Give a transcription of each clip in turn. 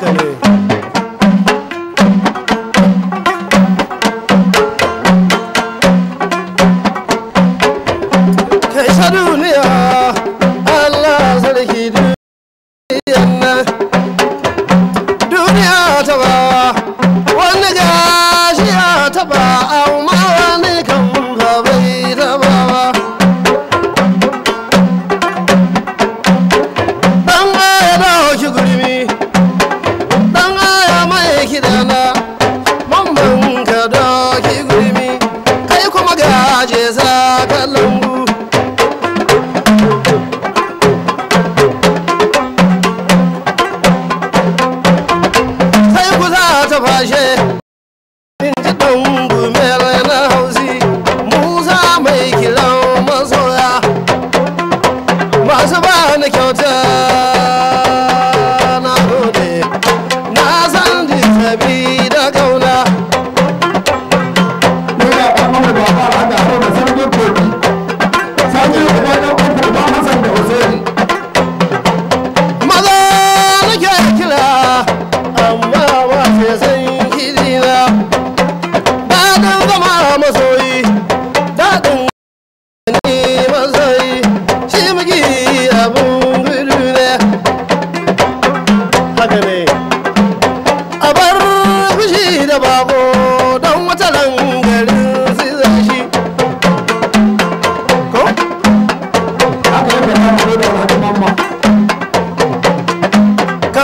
haka ne kai sha duniya Allah sarki duniya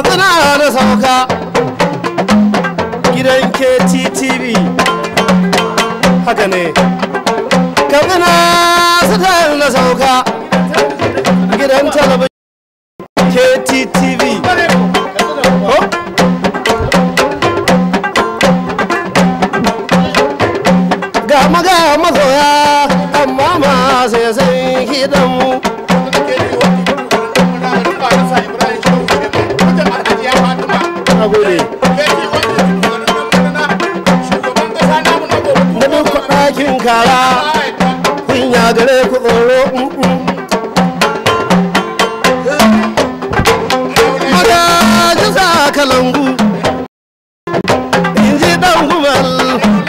katsina na sauka gidan kttv haka ne katsina sitar na sauka gidan talabijin kttv ga maga kara kunya gare ku tsoro magajin mm, mm. sa kalangu in ji dan